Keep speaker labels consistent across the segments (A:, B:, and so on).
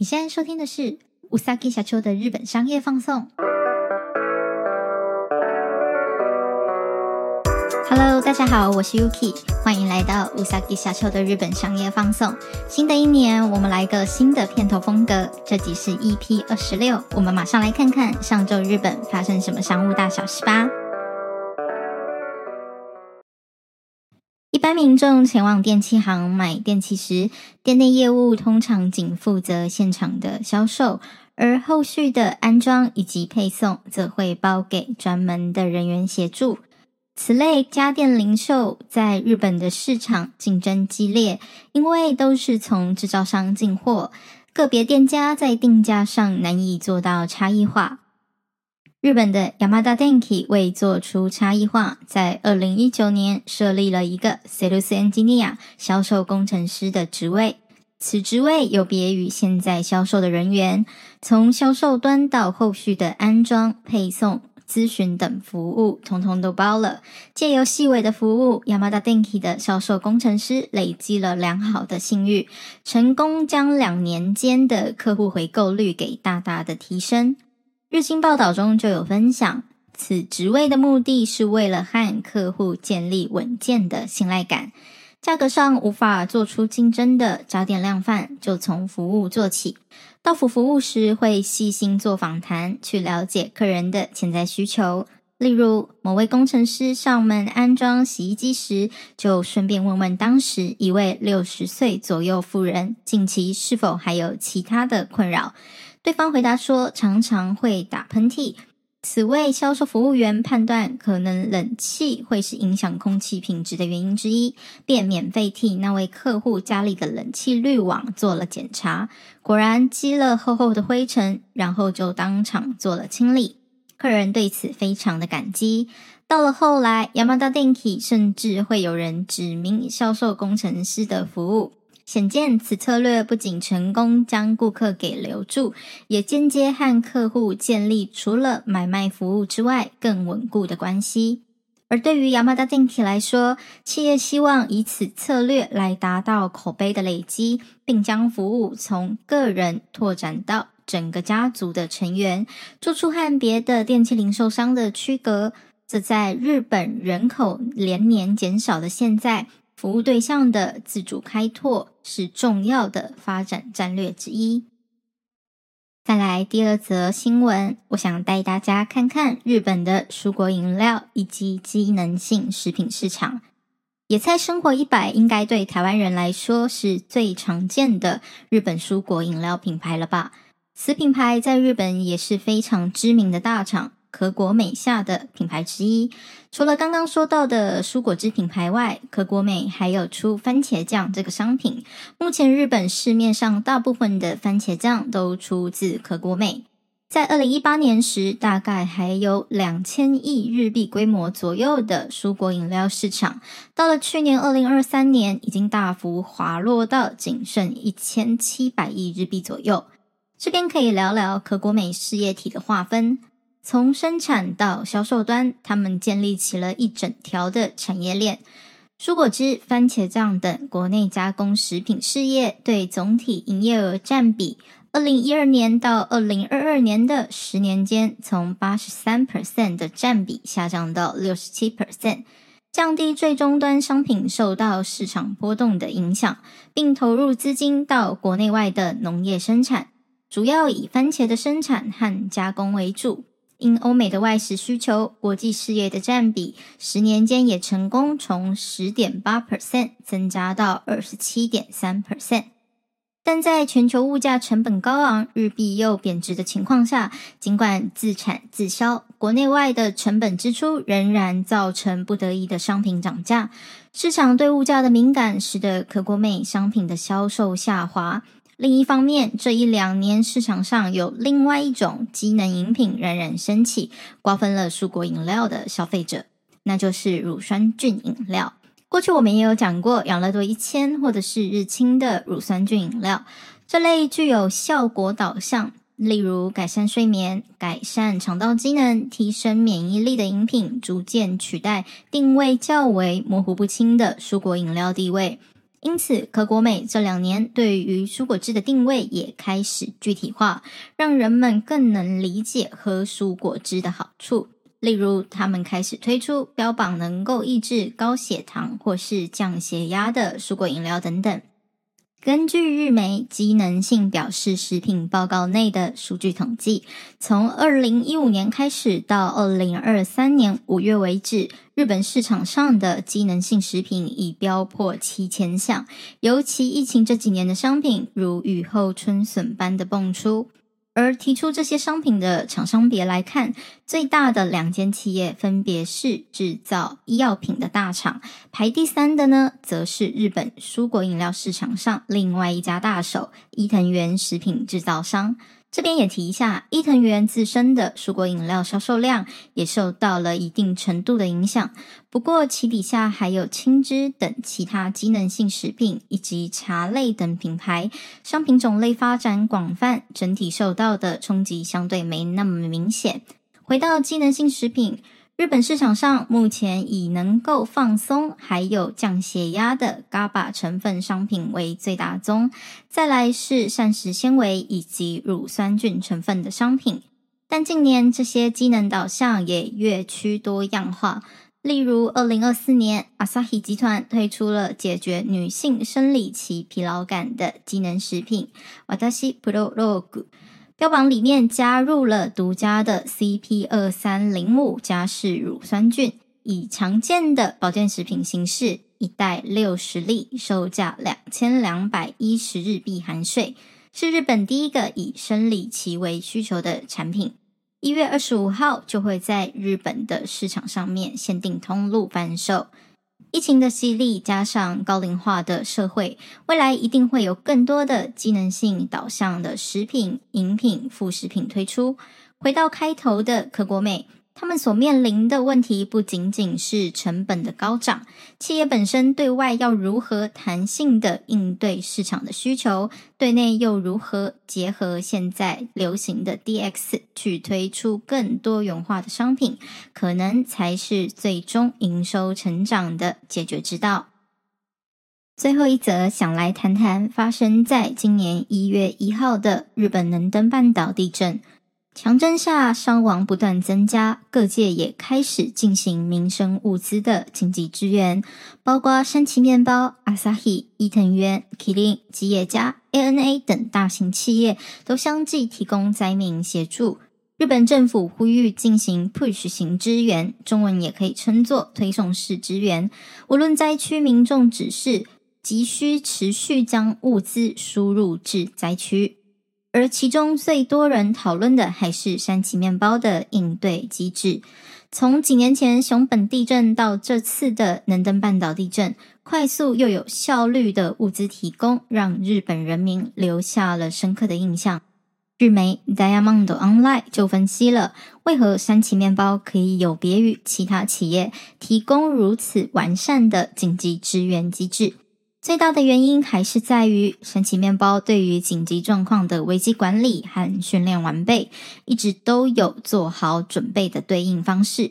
A: 你現在收聽的是うさぎ社長的日本商業放送。Hello，大家好，我是 Yuki，歡迎來到うさぎ社長的日本商業放送。新的一年，我們來個新的片頭風格。這集是 EP 二十六，我們馬上來看看上周日本發生什麼商務大小事吧。一般民眾前往電器行買電器時，店內業務通常僅負責現場的銷售，而後續的安裝以及配送則會包給專門的人員協助。此類家電零售在日本的市場競爭激烈，因為都是從製造商進貨，個別店家在定價上難以做到差異化。日本的 Yamada Denki 為做出差異化，在二零一九年設立了一個 Sales Engineer 銷售工程師的職位。此職位有別於現在銷售的人員，從銷售端到後續的安裝、配送、諮詢等服務，通通都包了。借由細微的服務，Yamada Denki 的銷售工程師累積了良好的信譽，成功將兩年間的客戶回購率給大大的提升。日經報道中就有分享，此職位的目的是為了和客戶建立穩健的信賴感。價格上無法做出競爭的家電量販，就從服務做起。到府服務時，會細心做訪談，去了解客人的潛在需求。例如，某位工程師上門安裝洗衣機時，就順便問問當時一位六十歲左右婦人，近期是否還有其他的困擾。對方回答說：“常常會打噴嚏。”此位銷售服務員判斷，可能冷氣會是影響空氣品質的原因之一，便免費替那位客戶家裡的冷氣濾網做了檢查。果然積了厚厚的灰塵，然後就當場做了清理。客人對此非常的感激。到了後來，山田電器甚至會有人指名銷售工程師的服務。顯見，此策略不僅成功將顧客給留住，也間接和客戶建立除了買賣服務之外更穩固的關係。而對於雅馬達電器來說，企業希望以此策略來達到口碑的累積，並將服務從個人拓展到整個家族的成員，做出和別的電器零售商的區隔。這在日本人口連年減少的現在。服務對象的自主開拓是重要的發展戰略之一。再來第二則新聞，我想帶大家看看日本的蔬果飲料以及機能性食品市場。野菜生活100應該對台灣人來說是最常見的日本蔬果飲料品牌了吧？此品牌在日本也是非常知名的大廠。可果美下的品牌之一，除了剛剛說到的蔬果汁品牌外，可果美還有出番茄醬這個商品。目前日本市面上大部分的番茄醬都出自可果美。在二零一八年時，大概還有兩千億日幣規模左右的蔬果飲料市場，到了去年二零二三年，已經大幅滑落到僅剩一千七百億日幣左右。這邊可以聊聊可果美事業體的劃分。從生產到銷售端，他們建立起了一整條的產業鏈。蔬果汁、番茄醬等國內加工食品事業對總體營業額占比，二零一二年到二零二二年的十年間從83，從八十三 percent 的占比下降到六十七 percent，降低最終端商品受到市場波動的影響，並投入資金到國內外的農業生產，主要以番茄的生產和加工為主。因歐美的外食需求，國際事業的占比十年間也成功從十點八 percent 增加到二十七點三 percent。但在全球物價成本高昂、日幣又貶值的情況下，儘管自產自銷，國內外的成本支出仍然造成不得已的商品漲價。市場對物價的敏感，使得可果美商品的銷售下滑。另一方面，這一兩年市場上有另外一種機能飲品冉冉升起，瓜分了蔬果飲料的消費者，那就是乳酸菌飲料。過去我們也有講過，養樂多一千或者是日清的乳酸菌飲料，這類具有效果導向，例如改善睡眠、改善腸道機能、提升免疫力的飲品，逐漸取代定位較為模糊不清的蔬果飲料地位。因此，可果美這兩年對於蔬果汁的定位也開始具體化，讓人們更能理解喝蔬果汁的好處。例如，他們開始推出標榜能夠抑制高血糖或是降血壓的蔬果飲料等等。根據日媒機能性表示食品報告內的數據統計，從二零一五年開始到二零二三年五月為止，日本市場上的機能性食品已飆破七千項，尤其疫情這幾年的商品如雨後春筍般的蹦出。而提出這些商品的廠商別來看，最大的兩間企業分別是製造醫藥品的大廠，排第三的呢，則是日本蔬果飲料市場上另外一家大手伊藤園食品製造商。這邊也提一下，伊藤園自身的蔬果飲料銷售量也受到了一定程度的影響。不過其底下還有青汁等其他機能性食品以及茶類等品牌商品種類發展廣泛，整體受到的衝擊相對沒那麼明顯。回到機能性食品。日本市場上目前以能夠放鬆，還有降血壓的 GABA 成分商品為最大宗，再來是膳食纖維以及乳酸菌成分的商品。但近年這些機能導向也越趨多樣化，例如二零二四年，Asahi 集團推出了解決女性生理期疲勞感的機能食品 Watashi Prologue。標榜裡面加入了獨家的 CP 二三零五加氏乳酸菌，以常見的保健食品形式，一袋六十粒，售價兩千兩百一十日幣含稅，是日本第一個以生理期為需求的產品。一月二十五號就會在日本的市場上面限定通路販售。疫情的洗禮加上高齡化的社會，未來一定會有更多的機能性導向的食品、飲品、副食品推出。回到開頭的可果美。他們所面臨的問題不僅僅是成本的高漲，企業本身對外要如何彈性的應對市場的需求，對內又如何結合現在流行的 DX 去推出更多元化的商品，可能才是最終營收成長的解決之道。最後一則想來談談發生在今年一月一號的日本能登半島地震。強震下傷亡不斷增加，各界也開始進行民生物資的緊急支援，包括山崎麵包、Asahi、伊藤園、麒麟吉野家、ANA 等大型企業都相繼提供災民協助。日本政府呼籲進行 push 型支援，中文也可以稱作推送式支援。無論災區民眾指示，急需持續將物資輸入至災區。而其中最多人討論的還是山崎麵包的應對機制。從幾年前熊本地震到這次的能登半島地震，快速又有效率的物資提供，讓日本人民留下了深刻的印象。日媒 Diamond Online 就分析了為何山崎麵包可以有別於其他企業，提供如此完善的緊急支援機制。最大的原因還是在於山崎面包對於緊急狀況的危機管理和訓練完備，一直都有做好準備的對應方式。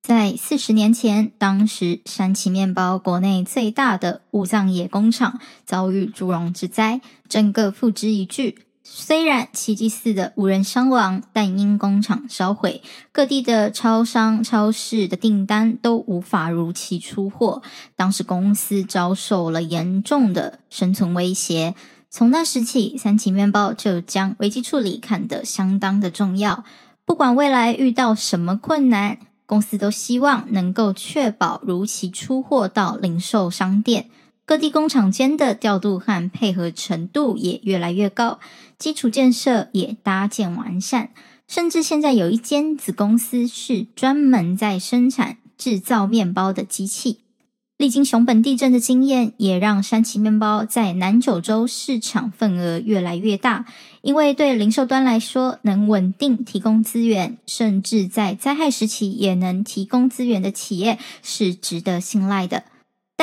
A: 在四十年前，當時山崎面包國內最大的武藏野工廠遭遇祝融之災，整個付之一炬。雖然奇蹟似的無人傷亡，但因工廠燒毀，各地的超商、超市的訂單都無法如期出貨。當時公司遭受了嚴重的生存威脅。從那時起，山崎面包就將危機處理看得相當的重要。不管未來遇到什麼困難，公司都希望能夠確保如期出貨到零售商店。各地工廠間的調度和配合程度也越來越高，基礎建設也搭建完善，甚至現在有一間子公司是專門在生產製造麵包的機器。歷經熊本地震的經驗也讓山崎麵包在南九州市場份額越來越大，因為對零售端來說，能穩定提供資源，甚至在災害時期也能提供資源的企業是值得信賴的。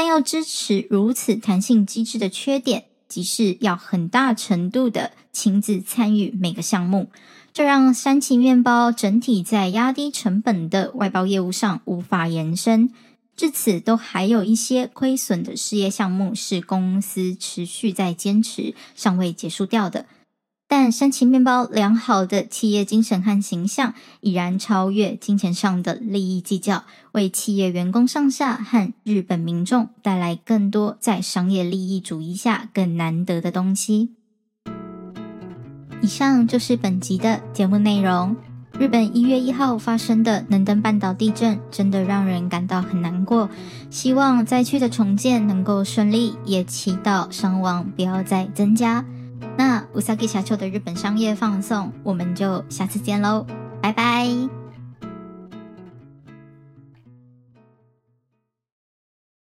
A: 但要支持如此彈性機制的缺點，即是要很大程度的親自參與每個項目，這讓山崎麵包整體在壓低成本的外包業務上無法延伸。至此，都還有一些虧損的事業項目是公司持續在堅持，尚未結束掉的。但山崎面包良好的企業精神和形象已然超越金錢上的利益計較，為企業員工上下和日本民眾帶來更多在商業利益主義下更難得的東西。以上就是本集的節目內容。日本一月一號發生的能登半島地震真的讓人感到很難過，希望災區的重建能夠順利，也祈禱傷亡不要再增加。うさぎ社長的日本商業放送，我們就下次見嘍，拜拜。